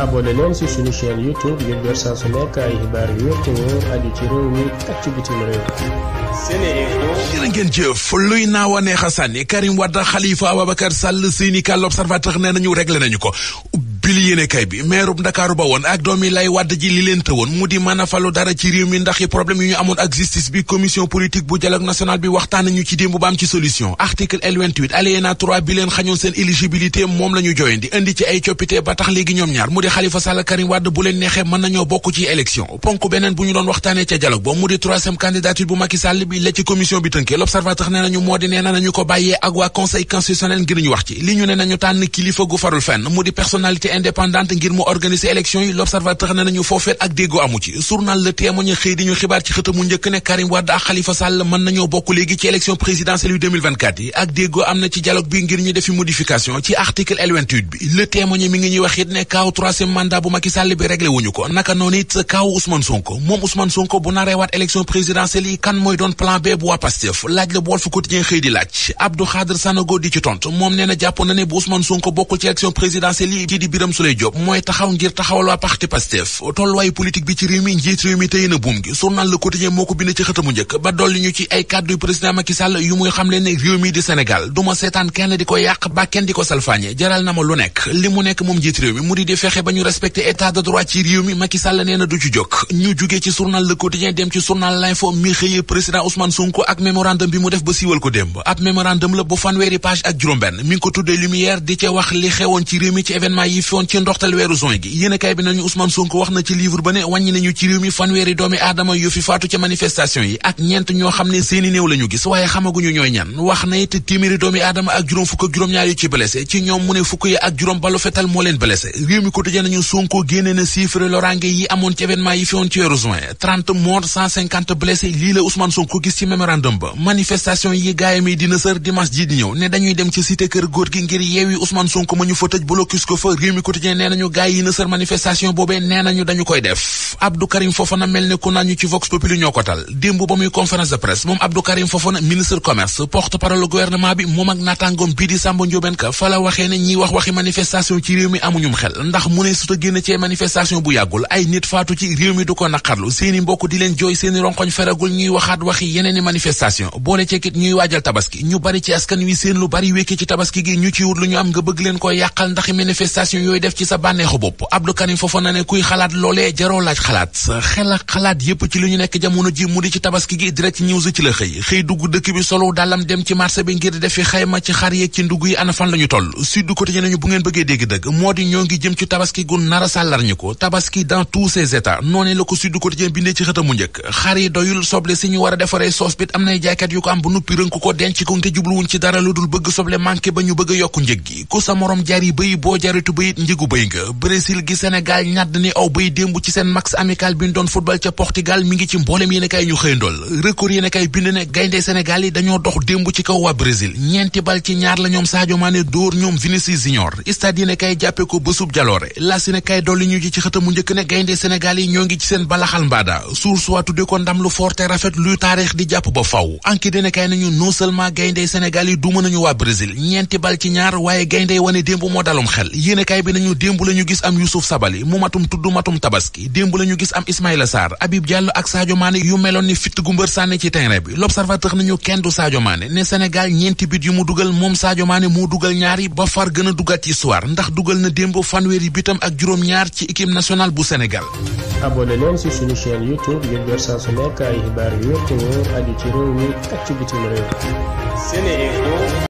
abonné leen ci suñu chaîne YouTube ngir jot saa su nekk ay xibaar yu wér te wóor aju ci réew mi ak ci bitim réew. jërë ngeen jëf luy naaw a neex a sànni Karim Wade Khalifa Ababacar Sall seeni kàll L'Observateur nee nañu réglé nañu ko. li yéene kay bi meerub ndakaaru ba woon ak doomi lay wàdd ji li leen tëwoon mu di mën falu dara ci réew mi ndax problème yu ñu amoon ak bi commission politique bu dialogue national bi waxtaan nañu ci démb ba ci solution article L28 alinéa bi leen xañoon seen éligibilité moom la ñu indi ci ay coppite ba tax léegi ñoom ñaar mu di Khalifa Sall Karim Wade bu leen neexee mën nañoo bokk ci élection ponk beneen bu ñu doon waxtaanee indépendante ngir mu organiser élection yi l'observateur ne nañu foofeet ak déggoo amu ci journal Le Témoin xëy di ñu xibaar ci xëtamu njëkk ne Karim Wade ak Khalifa mën nañoo bokk léegi ci élection présidentielle yi ak déggoo am na ci dialogue bi ngir ñu defi modification ci article l bi Le Témoin mi ngi ñuy wax ne kaaw mandat bu Macky Sall bi réglé ko naka noonu yi kan mooy doon plan B moom nee na jàpp bu Ousmane Sonko bokkul Birame Souleye Diop mooy taxaw ngir taxawal waa parti Pastef tolluwaayu politique bi ci réew mi njiit réew mi tey na buum gi journal Le Quotidien moo ko bind ci xëtamu njëkk ba dolli ñu ci ay kàddu président Macky yu muy xamle ne réew mi di Sénégal du seetaan kenn di ko yàq ba kenn di ko salfaañe jaral na ma lu nekk li mu nekk moom njiit réew mi mu di di fexe ba ñu respecté état de droit ci réew mi Macky Sall nee du ci jóg ñu jugee ci journal Le Quotidien dem woon ci ndoxtal weeru juin gi yéenekaay bi nañu Ousmane Sonko wax na ci livre ba ne wàññi nañu ci réew mi fanweeri doomi aadama yu fi faatu ca manifestation yi ak ñeent ñoo xam ne seeni néew la gis waaye xamaguñu ñooy ñan wax na it téeméeri doomi aadama ak juróom fukk ak juróom-ñaar yu ci blessé ci ñoom mu ne fukk yi ak juróom balu fetal moo leen blessé réew mi quotidien nañu Sonko génne na chiffre lorange yi amoon ci événement yi fi woon ci weeru juin gi ngir mi quotidien nee nañu gaay yi na seen manifestation boobee nee nañu dañu koy def Abdou Karim Fofana mel ni ku nañu ci Vox Populi ñoo ko tal démb ba muy conférence de presse moom Abdou Karim Fofana ministre commerce porte parole gouvernement bi moom ak naataangoom bii di Samba Ndiobène Ka fa waxee ne ñiy wax waxi manifestation ci réew mi amuñum xel ndax mu ne suta génn cee manifestation bu yàggul ay nit faatu ci réew mi du ko naqarlu seeni mbokk di leen yooyu def ci sa bànneexu bopp Abdou Karim Fofana ne kuy xalaat loolee jaroo laaj xalaat xel xalaat yépp ci li ñu nekk jamono ji mu di ci tabaski gi direct news ci la xëy xëy dugg dëkk bi solo dalam dem ci marché bi ngir defi xayma ci xar yeeg ci ndugg yi ana fan la ñu toll Sud Quotidien nañu bu ngeen bëggee dégg dëgg moo di ñoo ngi jëm ci tabaski gu nara sàllar ñu ko tabaski dans tous ses états noonee la ko Sud Quotidien bindee ci xëtamu njëkk xar yi doyul soble si ñu a defaree soos bit am nay jaaykat yu ko am bu nuppi rënk ko denc ko te jubluwuñ ci dara lu dul bëgg soble manqué ba bëgg yokku njëg gi ku sa morom jar yi njëgu bëy nga Brésil gi Sénégal ñadd ni aw bay démb ci seen max amical bi ñu doon football ca Portugal mi ngi ci mboolem yéen a kay ñu record yéen a kay bind ne gaynde Sénégal yi dañoo dox démb ci kaw waa Brésil ñeenti bal ci ñaar a waaye gaynde wane démb moo dalum xel yéen bi bi nañu démb la ñu gis am Youssouf Sabali mu matum tudd matum tabaski démb la ñu gis am Ismaïla saar Habib Diallo ak Sadio Mané yu meloon ni fitt gu mbër sànni ci terrain bi l'observateur nañu kenn du Sadio Mané ne Sénégal ñeenti bit yu mu dugal moom Sadio Mané moo dugal ñaari ba far gën a dugaat ci histoire ndax dugal na démb fanweeri bitam ak juróom-ñaar ci équipe nationale bu senegal abonné leen ci suñu su nekk ay xibaar yu